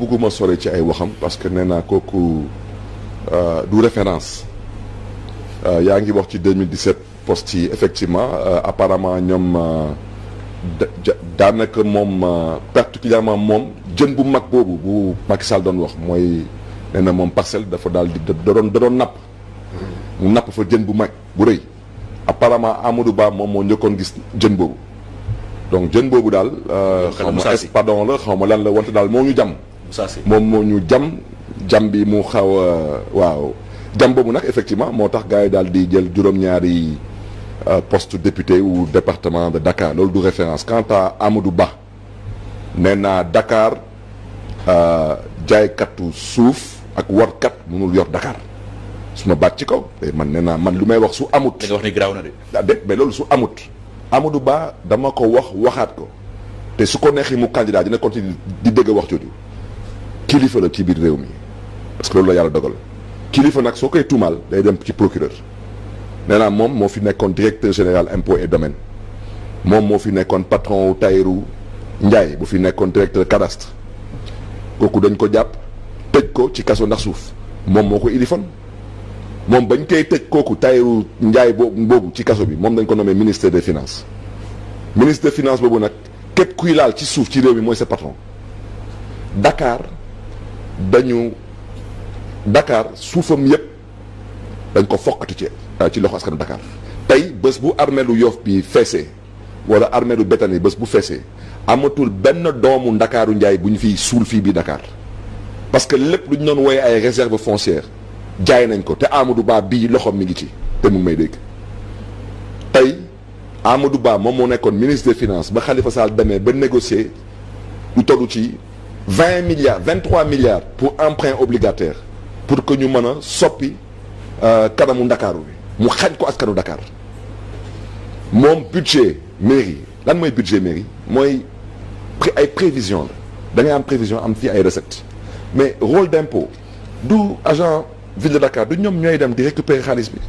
bugguma sore ci ay waxam parce que nee naa kooku euh, du référence euh, yaa ngi wax ci 2017 poste yi effectivement euh, apparemment ñoom daanaka moom particulièrement moom jën bu mag boobu bu Macky doon wax mooy nee na moom parcelle dafa daal di da doon da doon napp mu napp fa jën bu mag bu rëy apparemment Amadou Ba moom moo njëkkoon gis jën boobu donc jën boobu daal xaw ma espadon la xaw ma lan la wante daal moo ñu jàmm moom moo ñu jam jam bi mu xaw a waaw jam boobu nag effectivement moo tax gars yi daal di jël juróom-ñaari euh, poste député ou département de Dakar loolu du référence quant à Amadou Ba nee naa Dakar euh, jaaykatu suuf ak warkat mënul yor Dakar su ma baat ci kaw man nee naa man lu may wax su amut. da nga na de. ah su amut Amadou Ba dama ko wax waxaat ko te su ko neexee mu candidat dina continuer di dégg wax jooju. kilifa la ci biir réew mi parce que loolu la yàlla dogal kilifa nag soo koy tuumaal day dem ci procureur nee naa moom moo fi nekkoon directeur général impôt et domaine moom moo fi nekkoon patron wu Taïru Ndiaye bu fi nekkoon directeur cadastre kooku dañ ko jàpp tëj ko ci kaso ndax suuf moom moo ko ilifoon moom bañ koy tëj kooku Taïru njaay boobu boobu ci kaso bi moom dañ ko nommé ministre de finance ministre des finances boobu nag képp kuy laal ci suuf ci réew mi mooy sa dañu dakaar suufam yëpp dañ ko foqati ci euh, ci loxo askan Dakar tey bés bu armeelu Yoff bi feesee wala armeelu Bétani bés bu feesee amatul benn doomu Ndakaaru Njaay bu ñu fiy suul fii bii Dakar parce que lépp lu ñu doon wooye ay réserve foncière jaay nañ ko te Amadou Ba bii loxoom mi ngi ci te mu ngi may dégg tey Amadou Ba moom moo nekkoon ministre des finance ba Khalifa Sall demee ba négocier lu toll ci vingt milliards vingt trois milliards pour emprunt obligataire pour que ñu mën a soppi euh, kanamu ndakaaru bi mu xañ ko askanu Dakar moom budget mairie lan mooy budget mairie mooy ay prévision la da am prévision am fii ay recettes mais rôle dempo du agent ville de Dakar du ñoom e dem di récupérer xaalis bi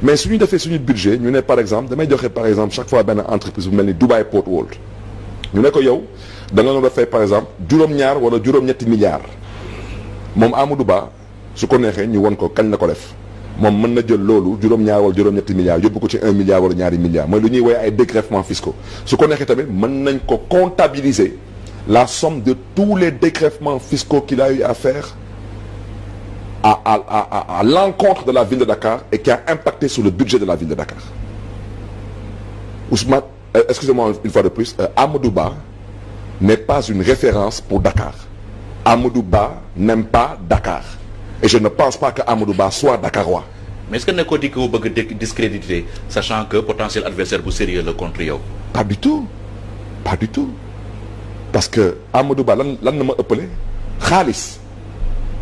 mais suñu defee suñu budget ñu ne par exemple damay joxe par exemple chaque fois benn entreprise bu mel ni du Dubai Port World ñu ne ko yow danga nga doon par exemple juróom-ñaar wala juróom-ñetti milliards moom Amadou Ba su ko neexee ñu won ko kañ la ko def moom mën na jël loolu juróom-ñaar wala juróom-ñetti milliards yóbbu ko ci un milliard wala ñaari milliards mooy lu ñuy woowee ay dégrèvements fiscaux su ko neexee tamit mën nañ ko comptabiliser la somme de tous les dégrèvements fiscaux ki a eu à faire à à à à l'encontre de la ville de Dakar et qui a impacte sur le budget de la ville de Dakar Ousmane euh, excusez-moi une fois n'est pas une référence pour Dakar. Amadou Ba n'aime pas Dakar. Et je ne pense pas que Amadou Ba soit dakarois. Mais est nekkoo di ko bëgg discréditer sachant que potentiel adversaire bu sérieux la contre yow. pas du tout pas du tout parce que Amadou Ba lan lan ma ëppale xaalis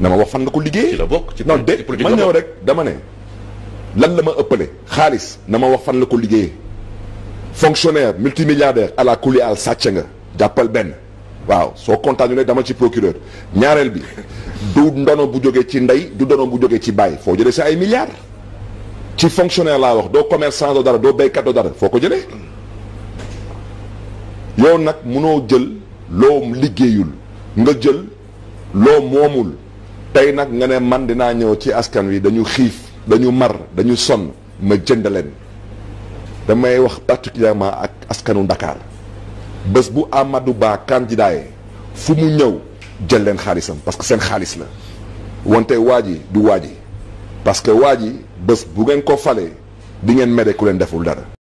na ma wax fan la ko liggéey. la bokk ci non de ma ñëw rek dama ne lan la ma ëppale xaalis na ma wax fan la ko liggéeyee fonctionnaire multimilliardaire à la kuli al sàcc nga. jàppal benn waaw soo kontaan kontaanee dama ci procureur ñaareel bi du ndono bu jógee ci ndey du ndono bu jógee ci baay foo jëlee sa ay milliards ci fonctionnaire laa wax doo commerçant doo dara doo béykat doo dara foo ko jëlee yow nag munoo jël loo liggéeyul nga jël loo moomul tey nag nga ne man dinaa ñëw ci askan wi dañu xiif dañu mar dañu sonn ma jënd leen damay wax particulièrement ak askanu Ndakaar bës bu Amadou Ba candidat yi fu mu ñëw jël leen xaalisam parce que seen xaalis la wante waa ji du waa ji parce que waa ji bës bu ngeen ko falee di ngeen mere ku leen deful dara.